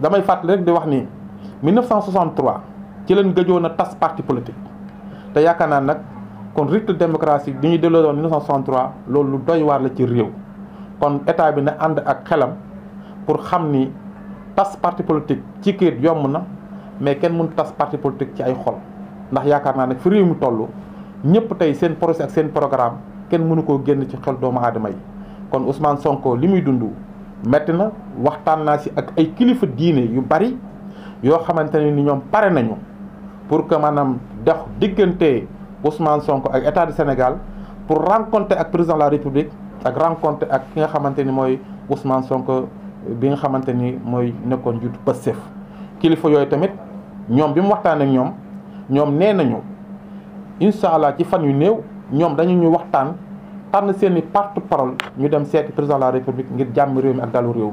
damay fàttali rek di wax ni 1963 ci leen gëjoon a tas parti politique te yaakaar naa nag kon rythme démocratie bi ñuy delloo woon 1963 loolu lu doy waar la ci réew kon état bi na ànd ak xelam pour xam ni tas parti politique ci kayit yomb na mais kenn mënut tas parti politique ci ay xol ndax yaakaar naa ne fi réew mi toll ñëpp tey seen projet ak seen programme kenn mënu koo génn ci xel doomu aadama yi kon Ousmane Sonko li muy dund. metti na waxtaan naa si ak ay kilifa diine yu bari yoo xamante ne ni ñoom pare nañu pour que maanaam dox diggante Ousmane sonk ak état du Sénégal pour rencontrer ak président la République ak rencontrer ak ki nga xamante ni mooy Ousmane Sonko bi nga xamante ni mooy nekkoon jut Pastef kilifa yooyu tamit ñoom bi mu waxtaan ñoom ñoom nee nañu incha allah ci fan yu néew ñoom dañu ñu waxtaan. tànn seen parti porte parole ñu dem seeti président de la république ngir jamm réew mi ak dalu réew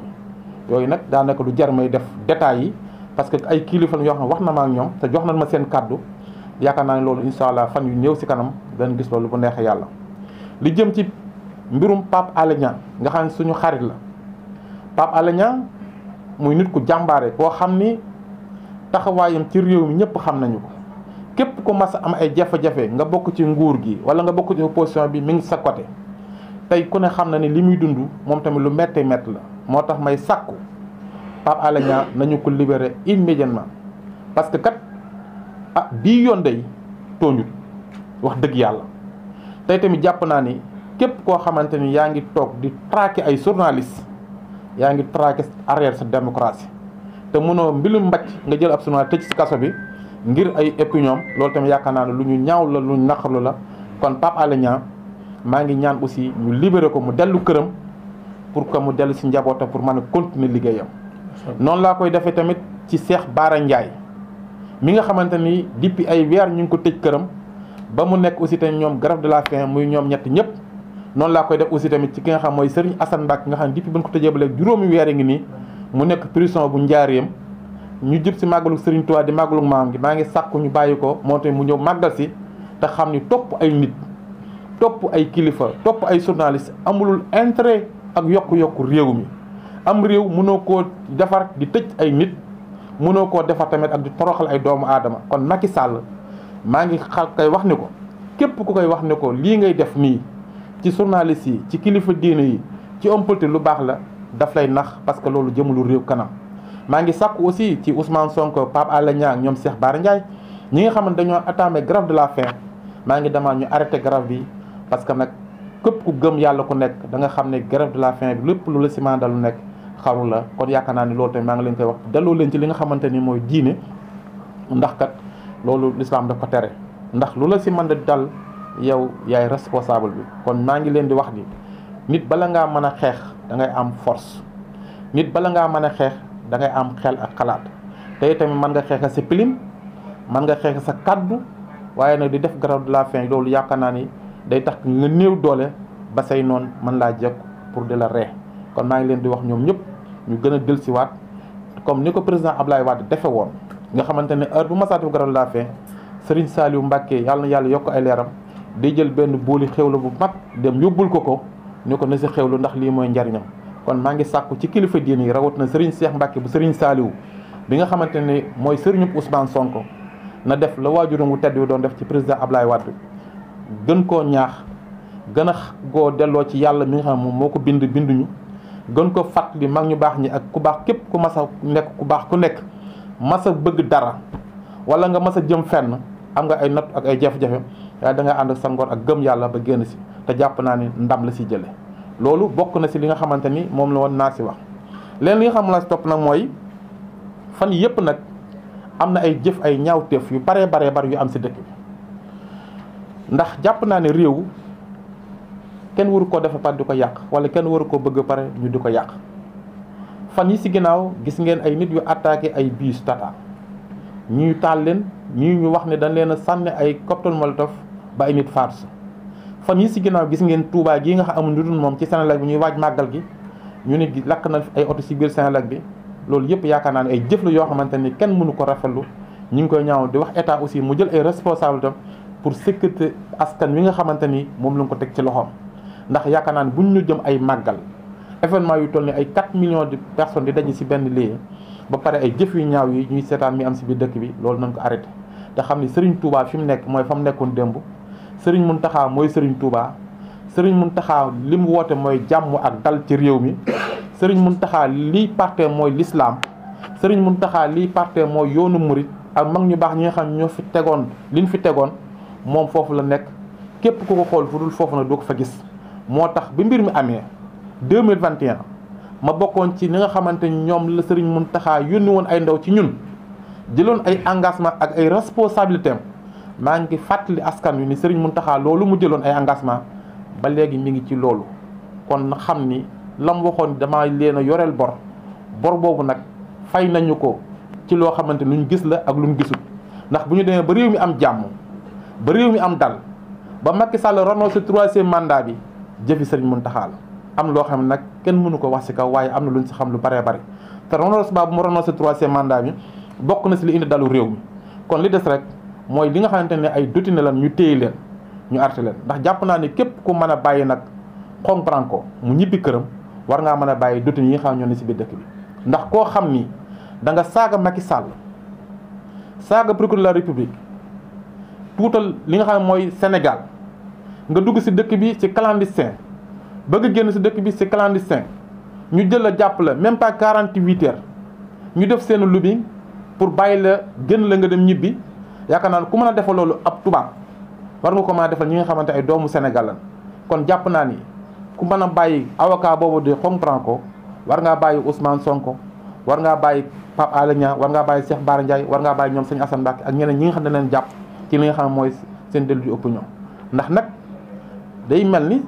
yoy nak da naka lu jar may def détail yi parce que ay kilifa yoo xam waxna ma ak ñom te joxna ma seen cadeau yakana naa lolu inshallah fan yu ñew ci kanam dañ gis lolu bu neex yàlla. li jëm ci mbirum Pape alagna nga xam suñu xarit la Pape alagna muy nit ku jambaré boo xamni taxawayam ci réew mi ñepp xam nañu ko képp ku massa am ay jafe-jafe nga bok ci nguur gi wala nga bok ci opposition bi mi ngi sa côté tay ku ne xamna ni limuy li mom tamit lu metti métti la motax may sakku Pape Alé nañu ko libérer immédiatement parce que kat ah day tooñut wax deug yalla tay tamit japp na ni képp ko xamanteni yaangi tok di traquer ay journalistes yaangi traquer arrière sa démocratie te mëno mbilu mbacc nga jël ab journaliste ci kasso bi ngir ay opinion lol tam yakana lu ñu ñaaw la lu ñu la kon papa Alé ñaan ma ngi ñaan aussi ñu libéré ko mu delu kërëm pour que mu dellu ci njabota pour man continuer ligéyam non la koy defee tamit ci Cheikh Bara ndjay mi nga xamanteni ni depuis ay weer ñu ko tejj kërëm ba mu nek aussi tam ñom grève de la fin muy ñom ñet ñep non la koy def aussi tamit ci nga xam moy Serigne Assane bak nga xam depuis ko ba ngi ni mu nek prison bu ñu jip si màggalu Serigne Touba di màggalu maam gi maa ngi monte ñu bàyyi ko mu ñëw màggal si ta xam top topp ay nit topp ay kilifa topp ay journaliste amulul intérêt ak yokku-yokku réew am réew mënoo koo defar di tëj ay nit mënoo defar ak di toroxal ay doomu kon Macky Sall maa ngi xa koy wax ni ko képp ku koy wax ni ko lii ngay def nii ci journaliste yi ci kilifa diine yi ci homme lu baax la daf lay nax parce que loolu jëmulu réew kanam maa ngi sàkku aussi ci Ousmane Sonko Pape Alé Niang ñoom Cheikh Bara Ndiaye ñi nga xamante dañoo attamé grève de la faim maa ngi demande ñu arrêté grève bi parce que nag képp ku gëm yàlla ku nekk da nga xam ne grève de la faim bi lépp lu la siman dalu nekk xaru la kon yaakaar naa ni loolu tamit maa ngi leen koy wax delloo leen ci li nga xamante ni mooy diine ndax kat loolu lislaam daf ko tere ndax lu la si mën a dal yow yaay responsable bi kon maa ngi leen di wax ni nit bala ngaa mën a xeex da ngay am force nit bala ngaa mën a xeex da ngay am xel ak xalaat tey itamit mën nga xeex sa pilim mën nga xeex sa kaddu waaye nag di def grève de la faim loolu yaakaar naa ni day tax nga néew doole ba say noonu mën laa jekk pour di la ree kon maa ngi leen di wax ñoom ñëpp ñu gën a dellusiwaat comme ni ko président ab waat di defe woon nga xamante ne heure bu masaati grève de la faim Serigne Saliou Mbacké yàlla na yàlla yokk ay leeram di jël benn xew la bu mag dem yóbbul ko ko ñu ko na si xewlu ndax lii mooy njariñam kon maa ngi sàkku ci kilifa diine yi rawat na Serigne Cheikh Mbacke bu Serigne Saliou bi nga xamante ni mooy sëriñub Ousmane Sonko na def la waajuram wu tedd wi doon def ci président Ablaye Wade gën koo ñaax gën a goo delloo ci yàlla mi nga xam moom moo ko bind binduñu gën ko fàttali mag ñu baax ñi ak ku baax képp ku mas a nekk ku baax ku nekk mas bëgg dara wala nga mas a jëm fenn am nga ay natt ak ay jafe-jafe waaye da nga ànd ak sa ngor ak gëm yàlla ba génn si te jàpp naa ni ndam la si jële loolu bokk na si li nga xamante ni moom la woon naa si wax leen li nga xam topp nag mooy fan yëpp nag am na ay jëf ay ñaaw ñaawteef yu baree baree bari yu am si dëkk bi ndax jàpp naa ne réew kenn waru koo defa pare di ko yàq wala kenn waru koo bëgg pare ñu di ko yàq fan yi si ginnaaw gis ngeen ay nit yu attaqué ay biis Tata ñuy taal leen ñii ñu wax ne dañ leen sànni ay cocktail molotov ba ay nit faatu fan yi si ginnaaw gis ngeen Touba gi nga xam amul lu dul moom ci Senelec bi ñuy waaj màggal gi ñu ne lakk na ay oto si biir Senelec bi loolu yëpp yaakaar naa ne ay jëf la yoo xamante ni kenn mënu ko rafetlu ñu ngi koy ñaaw di wax état aussi mu jël ay responsabilités pour sécurité askan wi nga xamante ni moom la ko teg ci loxoom. ndax yaakaar naa ne buñ ñu jëm ay màggal événement yu toll ni ay 4 millions de personne di daje si benn lii ba pare ay jëf yu ñaaw yi ñuy seetaan mi si biir dëkk bi loolu nañ arrêté te xam ni Serigne Touba fi mu nekk mooy fa mu nekkoon démb. sëriñ Muntaxa mooy sëriñ Touba sëriñ Muntaxa li mu woote mooy jàmm ak dal ci réew mi sëriñ Muntaxa liy parte mooy lislaam sëriñ Muntaxa liy parte mooy yoonu murit ak mag ñu baax ñi nga xam ñoo fi tegoon li liñ fi tegoon moom foofu la nekk képp ku ko xool fu dul foofu nag doo ko fa gis moo tax bi mbir mi amee 2021 ma bokkoon ci ñi nga xamante ñoom la sëriñ Muntaxa yónni woon ay ndaw ci ñun jëloon ay engagement ak ay responsabilités maa ngi fàttali askan wi ni mun Mountakha loolu mu jëloon ay engagement ba léegi mu ngi ci loolu kon xam ni lam waxoon dama leen a yoreel bor bor boobu nag fay nañu ko ci loo xamante luñ gis la ak lu luñ gisul ndax bu ñu demee ba réew mi am jàmm ba réew mi am dal ba Macky Sall renoncé troisième màndaa bi jëfi Serigne mun taxaal am loo xam ne nag kenn mënu ko wax si kaw waaye am na luñ si xam lu baree bari te renoncé ba bu mu renoncé troisième mandat bi bokk na si li indi dalu réew mi kon li des rek. mooy li nga xamante ne ay dotine lan ñu téye leen ñu arrêté leen ndax jàpp naa ne képp ku mën a bàyyi nag xon branco mu ñibbi këram war ngaa mën a bàyyi dotine yi nga xam ñoo ne si biir dëkk bi ndax koo xam ni da nga saaga Macky Sall saaga procureur de la république tuutal li nga xam ne mooy Sénégal nga dugg si dëkk bi ci clandestin bëgg génn si dëkk bi si clandestin ñu jël la jàpp la même pas quarante-huit ñu def seen lobbying pour bàyyi la génn la nga dem ñibbi yaakaar naa ku mën a defal loolu ab tubaab war nga ko mën a defal ñi nga xamante ay doomu Sénégal kon jàpp naa ni ku mën a bàyyi awokaa boobu di comprendre ko war ngaa bàyyi Ousmane Sonko war ngaa bàyyi Pape Alé war ngaa bàyyi Cheikh Bara Ndiaye war ngaa bàyyi ñoom sëñ Assane Mbacké ak ñeneen ñi nga xam ne leen jàpp ci li nga xam mooy seen délit d'opinion ndax nag day mel ni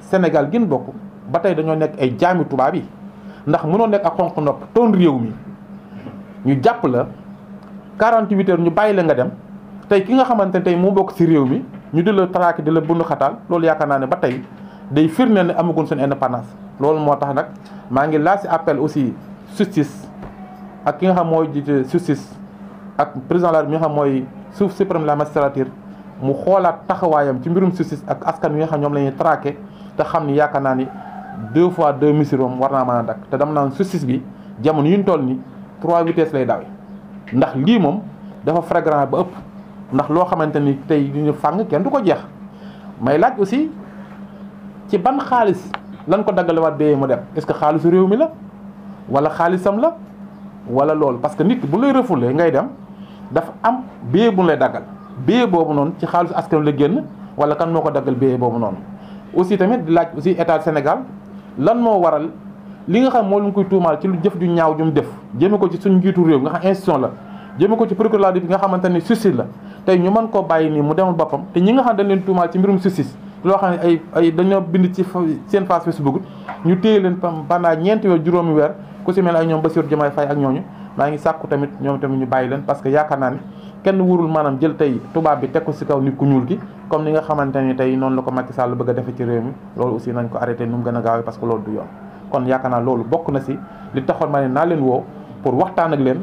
Sénégal gën bokk ba tey dañoo nekk ay jaami tubaab yi ndax mënoo nekk ak xonq nopp toon réew mi jàpp la 48 heures ñu bàyyi la nga dem tey ki nga xamante ne tey moo bokk ci réew mi ñu di la traqué di la bund xataal loolu yaakaar naa ne ba tey day firndeel ne amaguñ seen indépendance loolu moo tax nag maa ngi laa ci appel aussi justice ak ki nga xam mooy jiite justice ak président la mi nga xam mooy suuf suprême la magistrature mu xoolaat taxawaayam ci mbirum justice ak askan wi xam ñoom la ñuy te xam ni yaakaar naa ni deux fois deux mesures moom war naa mën a dakk te dem naa justice bi jamono yi ñu toll ni trois vitesses lay dawee ndax lii moom dafa flagrant ba ëpp ndax loo xamante ni tey ñu fàng kenn du ko jeex may laaj aussi ci ban xaalis lan ko daggalewaat bee mu dem est-ce que xaalisu réew mi la wala xaalisam la wala loolu parce que nit bu lay refoulé ngay dem dafa am bee bu lay daggal bee boobu noonu ci xaalisu askan la génn wala kan moo ko daggal bee boobu noonu. aussi tamit laaj aussi état Sénégal lan moo waral li nga xam moo lu koy tuumaal ci lu jëf ju ñaaw ju mu def jëme ko ci suñu njiitu réew nga xam institution la. jëm ko ci procureur bi nga xamanteni ni suicide la tay ñu man ko bayyi ni mu demul bopam te ñi nga xam dañ leen tuumaal ci mbirum suicide lo xam ay ay dañoo bind ci seen face Facebook ñu téye leen pendant ñent yo juroomi wër ku ci mel ay ñom basir jumaay fay ak ñooñu ma ngi sakku tamit ñom tamit ñu bayyi leen parce que yaakaar naa kenn wurul manam jël tay tuba bi teg ko kaw nit ku ñuul gi comme ni nga xamanteni tay non la ko Macky Sall bëgg def ci réew mi loolu aussi nañ ko arrêté gëna gaawé parce que loolu du yoon kon yaakaar loolu bokku na ci li taxoon ma ne na leen wo pour waxtaan ak leen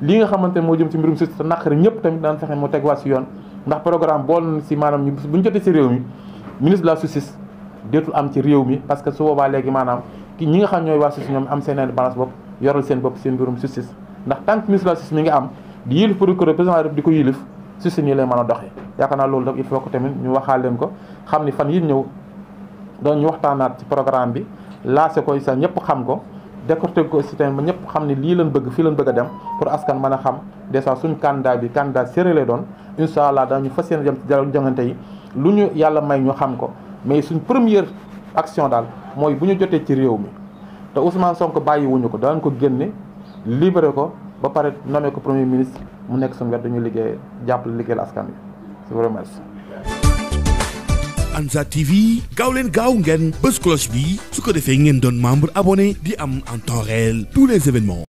li nga xamante ne moo jëm ci mbirum suuf te naqari ñëpp tamit daan fexe moo tegwaat si yoon ndax programme bool na si maanaam bu ñu jotee si réew mi ministre de la justice deetul am ci réew mi parce que su boobaa léegi maanaam ki ñi nga xam ñooy waa justice ñoom am seen balance bopp yoral seen bopp seen mbirum justice ndax tant que ministre de la justice mi nga am di yilif procureur président de la di ko yilif justice nii lay mën a doxee yaakaar naa ko xam ni fan yi ñëw doon ñu waxtaanaat ci programme bi laase koy sax ñëpp xam ko décorté ko aussi tamit ba ñëpp xam ne lii leen bëgg fii lañ bëgg a dem pour askan mën a xam dèjà suñ candidat bi candidat sérieux lay doon incha allah dañu fas yéene dem ci dialogue jongante yi lu ñu yàlla may ñu xam ko mais suñ première action daal mooy bu ñu jotee ci réew mi te Ousmane Sonko bàyyiwuñu ko daan ko génne libéré ko ba pare nommé ko premier ministre mu nekk suñu wet dañu liggéey jàppale liggéeyal askan bi je vous Anza TV Gaulen Gaungen, Bosco ngeen cloche ngeen membre abonné di en temps réel tous les événements